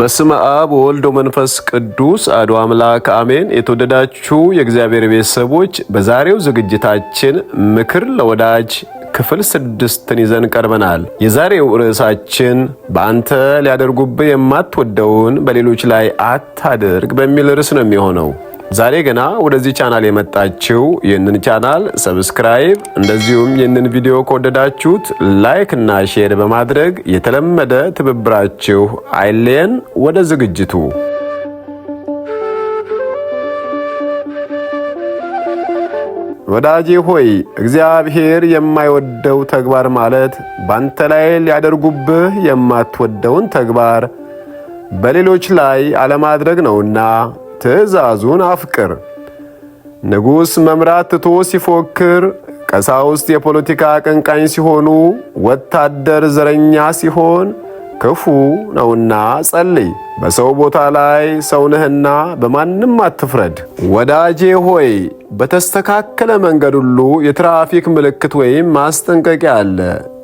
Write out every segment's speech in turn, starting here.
በስመ አብ ወልድ ወመንፈስ ቅዱስ አሐዱ አምላክ አሜን። የተወደዳችሁ የእግዚአብሔር ቤተሰቦች በዛሬው ዝግጅታችን ምክር ለወዳጅ ክፍል ስድስትን ይዘን ቀርበናል። የዛሬው ርዕሳችን በአንተ ሊያደርጉብህ የማትወደውን በሌሎች ላይ አታድርግ በሚል ርዕስ ነው የሚሆነው። ዛሬ ገና ወደዚህ ቻናል የመጣችው ይህንን ቻናል ሰብስክራይብ እንደዚሁም ይህንን ቪዲዮ ከወደዳችሁት ላይክ እና ሼር በማድረግ የተለመደ ትብብራችሁ አይለየን። ወደ ዝግጅቱ ወዳጄ ሆይ እግዚአብሔር የማይወደው ተግባር ማለት ባንተ ላይ ሊያደርጉብህ የማትወደውን ተግባር በሌሎች ላይ አለማድረግ ነውና ትእዛዙን አፍቅር። ንጉሥ መምራት ትቶ ሲፎክር፣ ቀሳውስት የፖለቲካ አቀንቃኝ ሲሆኑ፣ ወታደር ዘረኛ ሲሆን ክፉ ነውና ጸልይ። በሰው ቦታ ላይ ሰውንህና በማንም አትፍረድ። ወዳጄ ሆይ በተስተካከለ መንገድ ሁሉ የትራፊክ ምልክት ወይም ማስጠንቀቂያ አለ።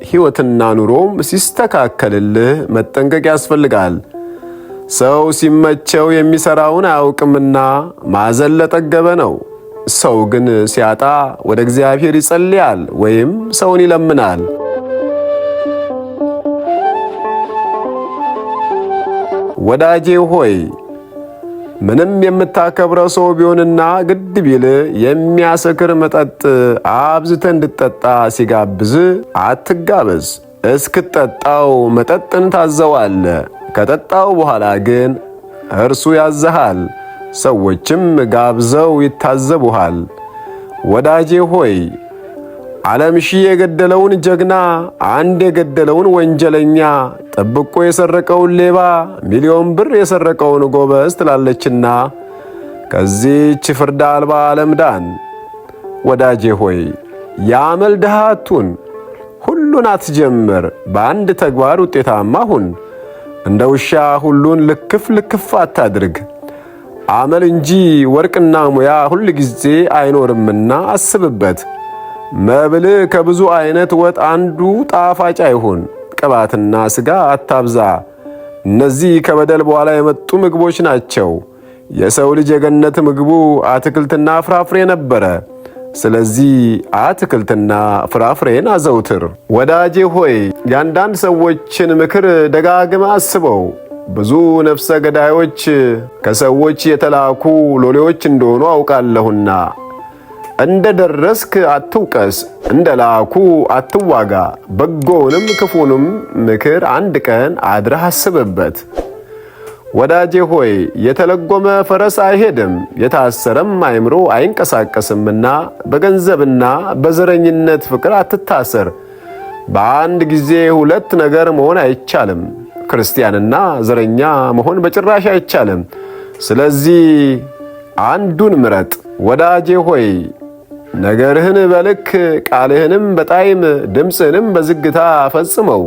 ሕይወትና ኑሮም ሲስተካከልልህ መጠንቀቅ ያስፈልጋል። ሰው ሲመቸው የሚሰራውን አያውቅምና ማዘን ለጠገበ ነው። ሰው ግን ሲያጣ ወደ እግዚአብሔር ይጸልያል ወይም ሰውን ይለምናል። ወዳጄ ሆይ ምንም የምታከብረው ሰው ቢሆንና ግድ ቢል የሚያሰክር መጠጥ አብዝተ እንድጠጣ ሲጋብዝ አትጋበዝ። እስክትጠጣው መጠጥን ታዘዋለ። ከጠጣው በኋላ ግን እርሱ ያዝሃል፣ ሰዎችም ጋብዘው ይታዘቡሃል። ወዳጄ ሆይ ዓለም ሺህ የገደለውን ጀግና፣ አንድ የገደለውን ወንጀለኛ፣ ጥብቆ የሰረቀውን ሌባ፣ ሚሊዮን ብር የሰረቀውን ጎበዝ ትላለችና ከዚህች ፍርድ አልባ ዓለም ዳን። ወዳጄ ሆይ የአመል ሁሉን አትጀምር፣ በአንድ ተግባር ውጤታማ ሁን። እንደ ውሻ ሁሉን ልክፍ ልክፍ አታድርግ። አመል እንጂ ወርቅና ሙያ ሁል ጊዜ አይኖርምና አስብበት። መብል ከብዙ አይነት ወጥ አንዱ ጣፋጭ አይሁን። ቅባትና ስጋ አታብዛ። እነዚህ ከበደል በኋላ የመጡ ምግቦች ናቸው። የሰው ልጅ የገነት ምግቡ አትክልትና ፍራፍሬ ነበረ። ስለዚህ አትክልትና ፍራፍሬን አዘውትር። ወዳጄ ሆይ የአንዳንድ ሰዎችን ምክር ደጋግመ አስበው። ብዙ ነፍሰ ገዳዮች ከሰዎች የተላኩ ሎሌዎች እንደሆኑ አውቃለሁና እንደ ደረስክ አትውቀስ፣ እንደ ላኩ አትዋጋ። በጎውንም ክፉንም ምክር አንድ ቀን አድረህ አስብበት። ወዳጄ ሆይ የተለጎመ ፈረስ አይሄድም፣ የታሰረም አይምሮ አይንቀሳቀስምና በገንዘብና በዘረኝነት ፍቅር አትታሰር። በአንድ ጊዜ ሁለት ነገር መሆን አይቻልም። ክርስቲያንና ዘረኛ መሆን በጭራሽ አይቻልም። ስለዚህ አንዱን ምረጥ። ወዳጄ ሆይ ነገርህን በልክ ቃልህንም በጣይም ድምፅህንም በዝግታ ፈጽመው፣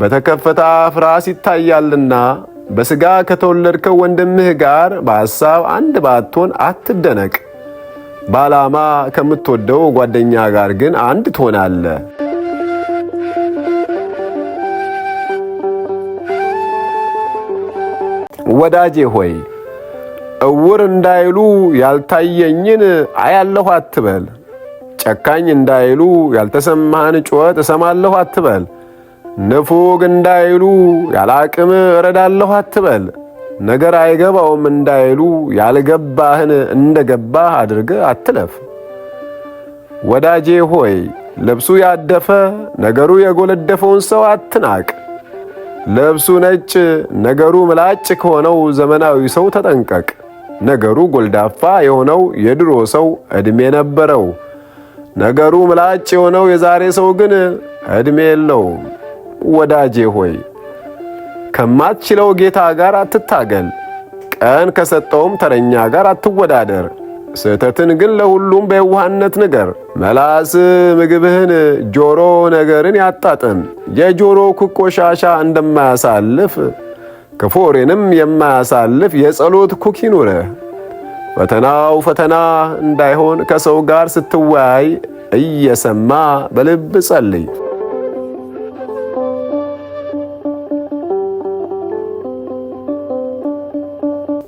በተከፈተ አፍ ራስ ይታያልና በሥጋ ከተወለድከው ወንድምህ ጋር በሐሳብ አንድ ባትሆን አትደነቅ። በዓላማ ከምትወደው ጓደኛ ጋር ግን አንድ አለ። ወዳጄ ሆይ እውር እንዳይሉ ያልታየኝን አያለሁ አትበል። ጨካኝ እንዳይሉ ያልተሰማህን ጩኸት እሰማለሁ አትበል። ንፉግ እንዳይሉ ያለ አቅም እረዳለሁ አትበል። ነገር አይገባውም እንዳይሉ ያልገባህን እንደገባህ አድርገ አትለፍ። ወዳጄ ሆይ ልብሱ ያደፈ ነገሩ የጎለደፈውን ሰው አትናቅ። ልብሱ ነጭ ነገሩ ምላጭ ከሆነው ዘመናዊ ሰው ተጠንቀቅ። ነገሩ ጎልዳፋ የሆነው የድሮ ሰው ዕድሜ ነበረው። ነገሩ ምላጭ የሆነው የዛሬ ሰው ግን ዕድሜ የለውም። ወዳጄ ሆይ ከማትችለው ጌታ ጋር አትታገል። ቀን ከሰጠውም ተረኛ ጋር አትወዳደር። ስህተትን ግን ለሁሉም በየዋህነት ንገር። መላስ ምግብህን፣ ጆሮ ነገርን ያጣጥም። የጆሮ ኩቆሻሻ እንደማያሳልፍ ክፉ ወሬንም የማያሳልፍ የጸሎት ኩክ ይኑርህ። ፈተናው ፈተና እንዳይሆን ከሰው ጋር ስትወያይ እየሰማ በልብ ጸልይ።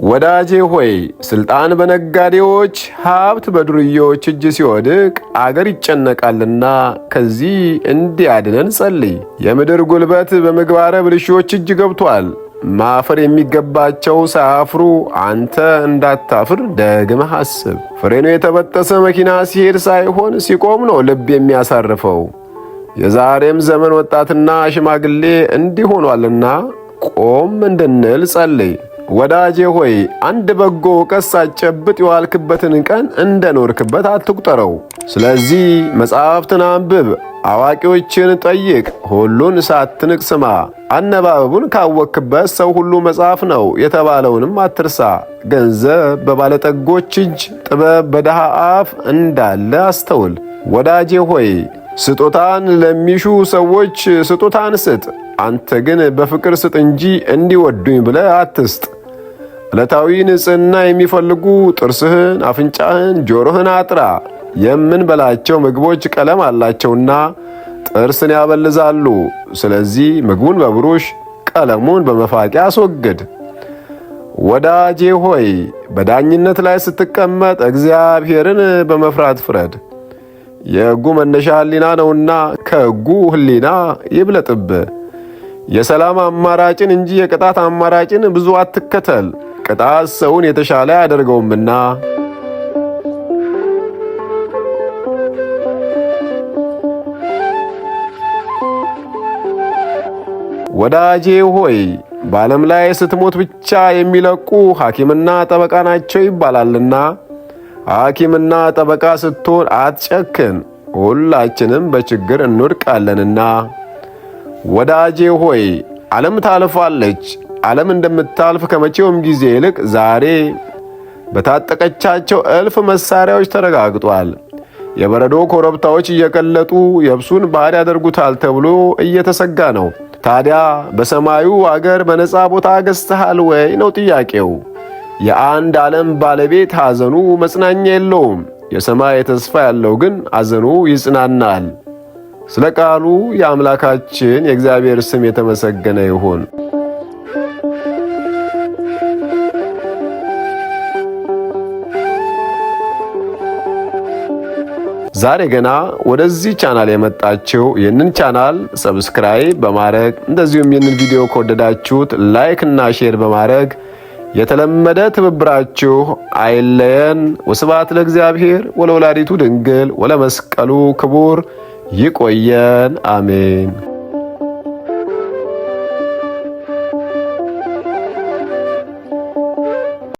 ወዳጄ ሆይ ስልጣን በነጋዴዎች ሀብት በዱርዬዎች እጅ ሲወድቅ አገር ይጨነቃልና ከዚህ እንዲያድነን ጸልይ። የምድር ጉልበት በምግባረ ብልሾች እጅ ገብቷል። ማፈር የሚገባቸው ሳያፍሩ አንተ እንዳታፍር ደግመህ አስብ። ፍሬኑ የተበጠሰ መኪና ሲሄድ ሳይሆን ሲቆም ነው ልብ የሚያሳርፈው። የዛሬም ዘመን ወጣትና ሽማግሌ እንዲሆኗልና ቆም እንድንል ጸልይ። ወዳጄ ሆይ አንድ በጎ እውቀት ሳትጨብጥ የዋልክበትን ቀን እንደኖርክበት አትቁጠረው። ስለዚህ መጽሐፍትን አንብብ፣ አዋቂዎችን ጠይቅ፣ ሁሉን ሳትንቅ ስማ። አነባበቡን ካወክበት ሰው ሁሉ መጽሐፍ ነው የተባለውንም አትርሳ። ገንዘብ በባለጠጎች እጅ፣ ጥበብ በደሃ አፍ እንዳለ አስተውል። ወዳጄ ሆይ ስጦታን ለሚሹ ሰዎች ስጦታን ስጥ። አንተ ግን በፍቅር ስጥ እንጂ እንዲወዱኝ ብለህ አትስጥ። ዕለታዊ ንጽህና የሚፈልጉ ጥርስህን፣ አፍንጫህን፣ ጆሮህን አጥራ። የምንበላቸው ምግቦች ቀለም አላቸውና ጥርስን ያበልዛሉ። ስለዚህ ምግቡን በብሩሽ ቀለሙን በመፋቂያ አስወግድ። ወዳጄ ሆይ በዳኝነት ላይ ስትቀመጥ እግዚአብሔርን በመፍራት ፍረድ። የሕጉ መነሻ ሕሊና ነውና ከሕጉ ሕሊና ይብለጥብ። የሰላም አማራጭን እንጂ የቅጣት አማራጭን ብዙ አትከተል። ቅጣት ሰውን የተሻለ አያደርገውምና ወዳጄ ሆይ በዓለም ላይ ስትሞት ብቻ የሚለቁ ሐኪምና ጠበቃ ናቸው ይባላልና ሐኪምና ጠበቃ ስትሆን አትጨክን። ሁላችንም በችግር እንወድቃለንና ወዳጄ ሆይ ዓለም ታልፋለች። ዓለም እንደምታልፍ ከመቼውም ጊዜ ይልቅ ዛሬ በታጠቀቻቸው እልፍ መሳሪያዎች ተረጋግጧል። የበረዶ ኮረብታዎች እየቀለጡ የብሱን ባሕር ያደርጉታል ተብሎ እየተሰጋ ነው። ታዲያ በሰማዩ አገር በነፃ ቦታ ገዝተሃል ወይ ነው ጥያቄው። የአንድ ዓለም ባለቤት ሐዘኑ መጽናኛ የለውም። የሰማይ ተስፋ ያለው ግን ሐዘኑ ይጽናናል። ስለ ቃሉ የአምላካችን የእግዚአብሔር ስም የተመሰገነ ይሁን። ዛሬ ገና ወደዚህ ቻናል የመጣችሁ ይህንን ቻናል ሰብስክራይብ በማድረግ እንደዚሁም ይህንን ቪዲዮ ከወደዳችሁት ላይክ እና ሼር በማድረግ የተለመደ ትብብራችሁ አይለየን። ወስብሐት ለእግዚአብሔር ወለወላዲቱ ድንግል ወለመስቀሉ ክቡር። ይቆየን። አሜን።